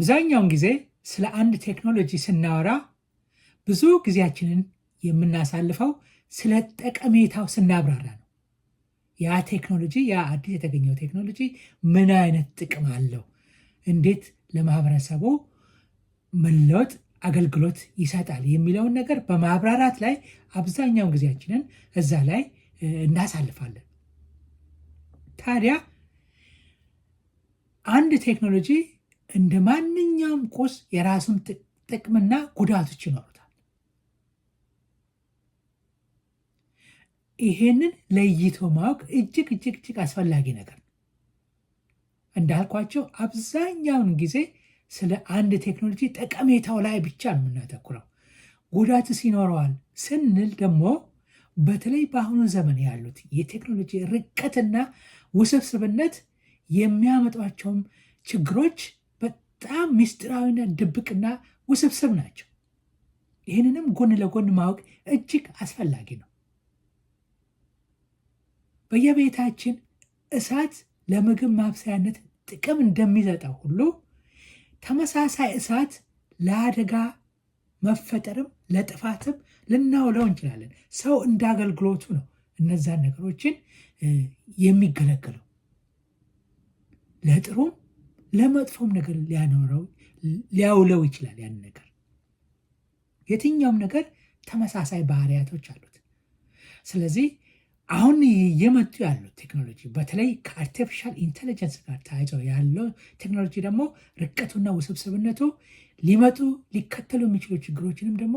አብዛኛውን ጊዜ ስለ አንድ ቴክኖሎጂ ስናወራ ብዙ ጊዜያችንን የምናሳልፈው ስለ ጠቀሜታው ስናብራራ ነው። ያ ቴክኖሎጂ ያ አዲስ የተገኘው ቴክኖሎጂ ምን አይነት ጥቅም አለው? እንዴት ለማህበረሰቡ መለወጥ አገልግሎት ይሰጣል የሚለውን ነገር በማብራራት ላይ አብዛኛውን ጊዜያችንን እዛ ላይ እናሳልፋለን። ታዲያ አንድ ቴክኖሎጂ እንደ ማንኛውም ቁስ የራሱን ጥቅምና ጉዳቶች ይኖሩታል። ይሄንን ለይቶ ማወቅ እጅግ እጅግ እጅግ አስፈላጊ ነገር ነው። እንዳልኳቸው አብዛኛውን ጊዜ ስለ አንድ ቴክኖሎጂ ጠቀሜታው ላይ ብቻ የምናተኩረው። ጉዳትስ ይኖረዋል ስንል ደግሞ በተለይ በአሁኑ ዘመን ያሉት የቴክኖሎጂ ርቀትና ውስብስብነት የሚያመጧቸውም ችግሮች በጣም ምስጢራዊና ድብቅና ውስብስብ ናቸው። ይህንንም ጎን ለጎን ማወቅ እጅግ አስፈላጊ ነው። በየቤታችን እሳት ለምግብ ማብሰያነት ጥቅም እንደሚሰጠው ሁሉ ተመሳሳይ እሳት ለአደጋ መፈጠርም ለጥፋትም ልናውለው እንችላለን። ሰው እንደ አገልግሎቱ ነው እነዛን ነገሮችን የሚገለገለው ለጥሩም ለመጥፎም ነገር ሊያኖረው ሊያውለው ይችላል። ያን ነገር የትኛውም ነገር ተመሳሳይ ባህሪያቶች አሉት። ስለዚህ አሁን እየመጡ ያሉት ቴክኖሎጂ በተለይ ከአርቲፊሻል ኢንቴሊጀንስ ጋር ተያይዞ ያለው ቴክኖሎጂ ደግሞ ርቀቱና ውስብስብነቱ ሊመጡ ሊከተሉ የሚችሉ ችግሮችንም ደግሞ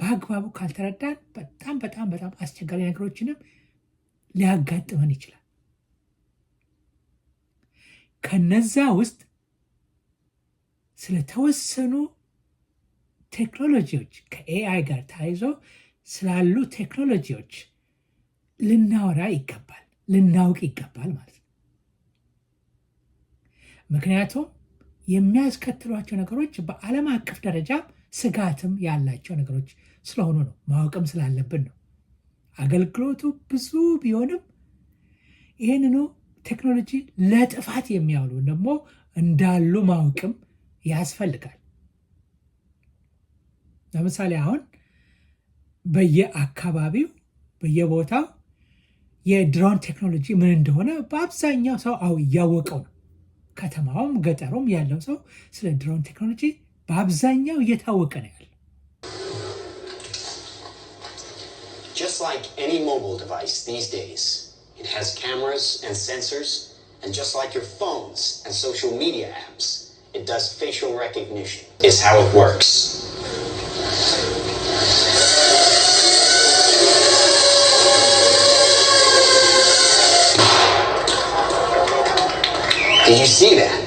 በአግባቡ ካልተረዳን በጣም በጣም በጣም አስቸጋሪ ነገሮችንም ሊያጋጥመን ይችላል። ከነዛ ውስጥ ስለተወሰኑ ቴክኖሎጂዎች ከኤአይ ጋር ተያይዞ ስላሉ ቴክኖሎጂዎች ልናወራ ይገባል፣ ልናውቅ ይገባል ማለት ነው። ምክንያቱም የሚያስከትሏቸው ነገሮች በዓለም አቀፍ ደረጃ ስጋትም ያላቸው ነገሮች ስለሆኑ ነው። ማወቅም ስላለብን ነው። አገልግሎቱ ብዙ ቢሆንም ይህንኑ ቴክኖሎጂ ለጥፋት የሚያውሉ ደግሞ እንዳሉ ማወቅም ያስፈልጋል። ለምሳሌ አሁን በየአካባቢው በየቦታው የድሮን ቴክኖሎጂ ምን እንደሆነ በአብዛኛው ሰው እያወቀው ነው። ከተማውም ገጠሩም ያለው ሰው ስለ ድሮን ቴክኖሎጂ በአብዛኛው እየታወቀ ነው ያለ። Just like any mobile device these days. It has cameras and sensors, and just like your phones and social media apps, it does facial recognition, is how it works. Did you see that?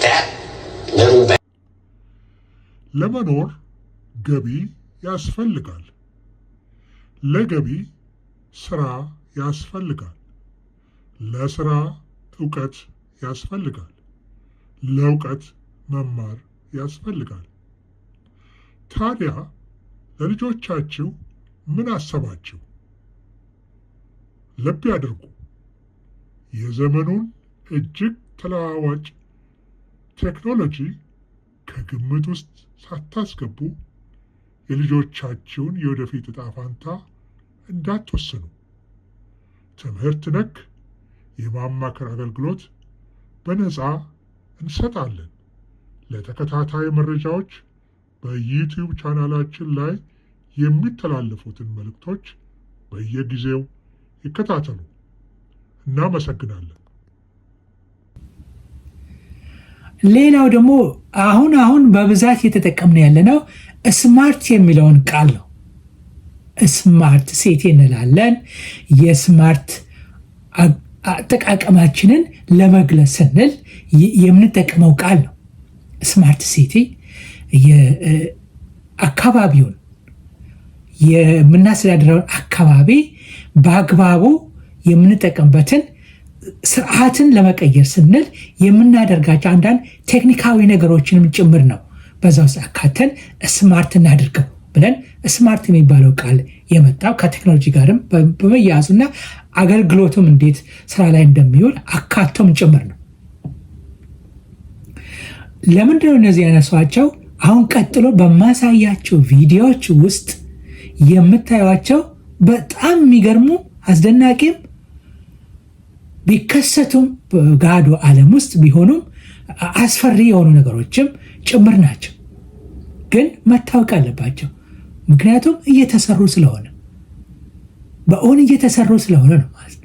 That little bag. ለመኖር ገቢ ያስፈልጋል። ለገቢ ስራ ያስፈልጋል። ለስራ እውቀት ያስፈልጋል። ለእውቀት መማር ያስፈልጋል። ታዲያ ለልጆቻችሁ ምን አሰባችሁ? ልብ ያድርጉ። የዘመኑን እጅግ ተለዋዋጭ ቴክኖሎጂ ከግምት ውስጥ ሳታስገቡ የልጆቻችሁን የወደፊት እጣፋንታ። ፋንታ እንዳትወስኑ። ትምህርት ነክ የማማከር አገልግሎት በነፃ እንሰጣለን። ለተከታታይ መረጃዎች በዩቲዩብ ቻናላችን ላይ የሚተላለፉትን መልእክቶች በየጊዜው ይከታተሉ። እናመሰግናለን። ሌላው ደግሞ አሁን አሁን በብዛት እየተጠቀምን ያለነው ስማርት የሚለውን ቃል ነው። ስማርት ሴት እንላለን። የስማርት አጠቃቀማችንን ለመግለጽ ስንል የምንጠቀመው ቃል ነው። ስማርት ሲቲ አካባቢውን የምናስተዳድረውን አካባቢ በአግባቡ የምንጠቀምበትን ስርዓትን ለመቀየር ስንል የምናደርጋቸው አንዳንድ ቴክኒካዊ ነገሮችንም ጭምር ነው። በዛ ውስጥ አካተን ስማርት እናድርገው። ብለን ስማርት የሚባለው ቃል የመጣው ከቴክኖሎጂ ጋርም በመያያዙ አገልግሎቱም እንዴት ስራ ላይ እንደሚውል አካቶም ጭምር ነው። ለምንድነው እነዚህ ያነሷቸው? አሁን ቀጥሎ በማሳያቸው ቪዲዮዎች ውስጥ የምታዩቸው በጣም የሚገርሙ አስደናቂም ቢከሰቱም በጋዶ ዓለም ውስጥ ቢሆኑም አስፈሪ የሆኑ ነገሮችም ጭምር ናቸው። ግን መታወቅ አለባቸው። ምክንያቱም እየተሰሩ ስለሆነ በእውን እየተሰሩ ስለሆነ ነው ማለት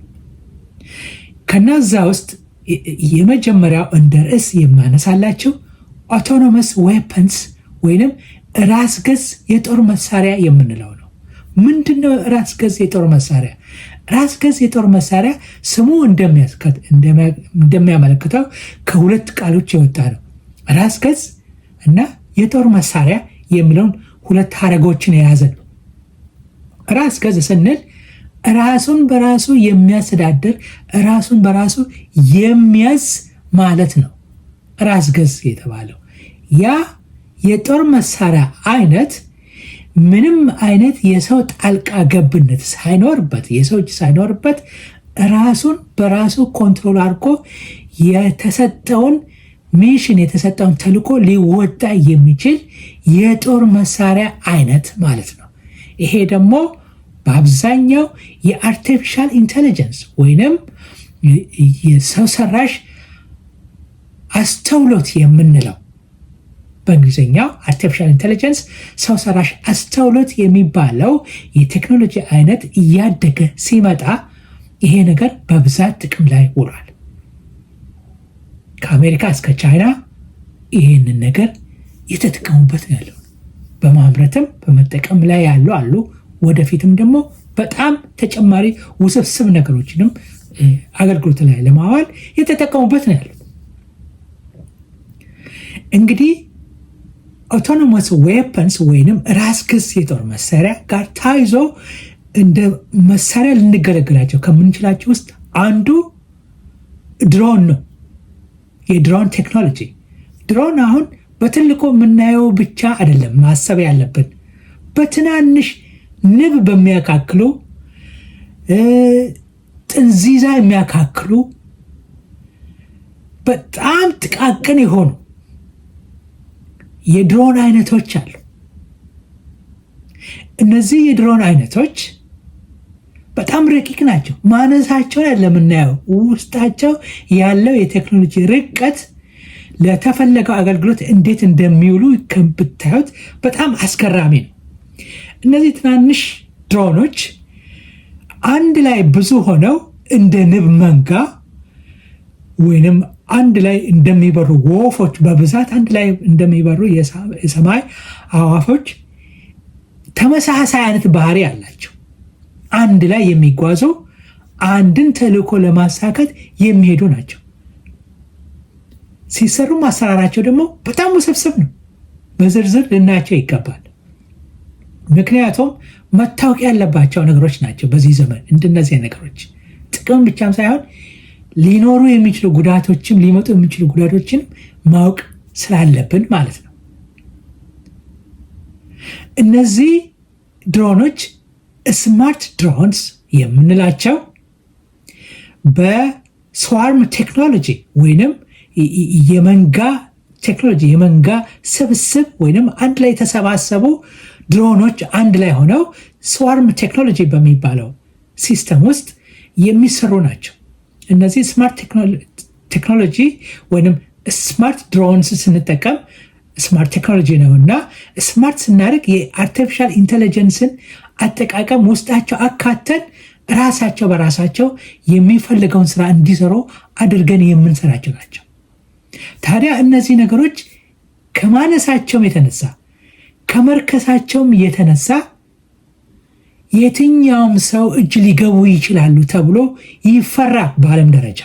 ከናዛ ውስጥ የመጀመሪያው እንደ ርዕስ የማነሳላቸው ኦቶኖመስ ዌፐንስ ወይንም ራስ ገዝ የጦር መሳሪያ የምንለው ነው። ምንድነው ራስ ገዝ የጦር መሳሪያ? ራስ ገዝ የጦር መሳሪያ ስሙ እንደሚያመለክተው ከሁለት ቃሎች የወጣ ነው። ራስ ገዝ እና የጦር መሳሪያ የሚለውን ሁለት ሀረጎችን የያዘ ነው። ራስ ገዝ ስንል ራሱን በራሱ የሚያስተዳድር ራሱን በራሱ የሚያዝ ማለት ነው። ራስ ገዝ የተባለው ያ የጦር መሳሪያ አይነት ምንም አይነት የሰው ጣልቃ ገብነት ሳይኖርበት የሰው እጅ ሳይኖርበት ራሱን በራሱ ኮንትሮል አድርጎ የተሰጠውን ሚሽን የተሰጠውን ተልዕኮ ሊወጣ የሚችል የጦር መሳሪያ አይነት ማለት ነው። ይሄ ደግሞ በአብዛኛው የአርቲፊሻል ኢንቴሊጀንስ ወይንም የሰው ሰራሽ አስተውሎት የምንለው በእንግሊዝኛው አርቲፊሻል ኢንቴሊጀንስ ሰው ሰራሽ አስተውሎት የሚባለው የቴክኖሎጂ አይነት እያደገ ሲመጣ ይሄ ነገር በብዛት ጥቅም ላይ ውሏል። ከአሜሪካ እስከ ቻይና ይህንን ነገር የተጠቀሙበት ነው ያለው። በማምረትም በመጠቀም ላይ ያሉ አሉ። ወደፊትም ደግሞ በጣም ተጨማሪ ውስብስብ ነገሮችንም አገልግሎት ላይ ለማዋል የተጠቀሙበት ነው ያሉት። እንግዲህ ኦቶኖመስ ዌፐንስ ወይንም ራስ ገዝ የጦር መሳሪያ ጋር ታይዞ እንደ መሳሪያ ልንገለገላቸው ከምንችላቸው ውስጥ አንዱ ድሮን ነው። የድሮን ቴክኖሎጂ ድሮን አሁን በትልቁ የምናየው ብቻ አይደለም ማሰብ ያለብን በትናንሽ ንብ በሚያካክሉ ጥንዚዛ የሚያካክሉ በጣም ጥቃቅን የሆኑ የድሮን አይነቶች አሉ። እነዚህ የድሮን አይነቶች በጣም ረቂቅ ናቸው። ማነሳቸው ያለ ለምናየው ውስጣቸው ያለው የቴክኖሎጂ ርቀት ለተፈለገው አገልግሎት እንዴት እንደሚውሉ ከምታዩት በጣም አስገራሚ ነው። እነዚህ ትናንሽ ድሮኖች አንድ ላይ ብዙ ሆነው እንደ ንብ መንጋ ወይንም አንድ ላይ እንደሚበሩ ወፎች በብዛት አንድ ላይ እንደሚበሩ የሰማይ አዋፎች ተመሳሳይ አይነት ባህሪ አላቸው። አንድ ላይ የሚጓዘው አንድን ተልእኮ ለማሳካት የሚሄዱ ናቸው። ሲሰሩም አሰራራቸው ደግሞ በጣም ውስብስብ ነው። በዝርዝር ልናያቸው ይገባል። ምክንያቱም መታወቅ ያለባቸው ነገሮች ናቸው። በዚህ ዘመን እንደነዚህ ነገሮች ጥቅም ብቻም ሳይሆን ሊኖሩ የሚችሉ ጉዳቶችም ሊመጡ የሚችሉ ጉዳቶችንም ማወቅ ስላለብን ማለት ነው። እነዚህ ድሮኖች ስማርት ድሮንስ የምንላቸው በስዋርም ቴክኖሎጂ ወይንም የመንጋ ቴክኖሎጂ የመንጋ ስብስብ ወይንም አንድ ላይ የተሰባሰቡ ድሮኖች አንድ ላይ ሆነው ስዋርም ቴክኖሎጂ በሚባለው ሲስተም ውስጥ የሚሰሩ ናቸው። እነዚህ ስማርት ቴክኖሎጂ ወይም ስማርት ድሮንስ ስንጠቀም ስማርት ቴክኖሎጂ ነው እና ስማርት ስናደርግ የአርቲፊሻል ኢንቴሊጀንስን አጠቃቀም ውስጣቸው አካተን ራሳቸው በራሳቸው የሚፈልገውን ስራ እንዲሰሩ አድርገን የምንሰራቸው ናቸው። ታዲያ እነዚህ ነገሮች ከማነሳቸውም የተነሳ ከመርከሳቸውም የተነሳ የትኛውም ሰው እጅ ሊገቡ ይችላሉ ተብሎ ይፈራ በዓለም ደረጃ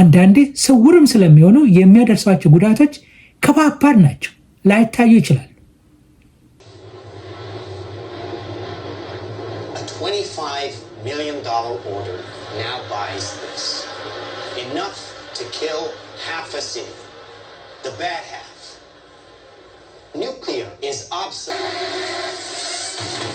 አንዳንዴ ስውርም ስለሚሆኑ የሚያደርሷቸው ጉዳቶች ከባባድ ናቸው፣ ላይታዩ ይችላል። $25 million order now buys this. Enough to kill half a city. The bad half. Nuclear is obsolete.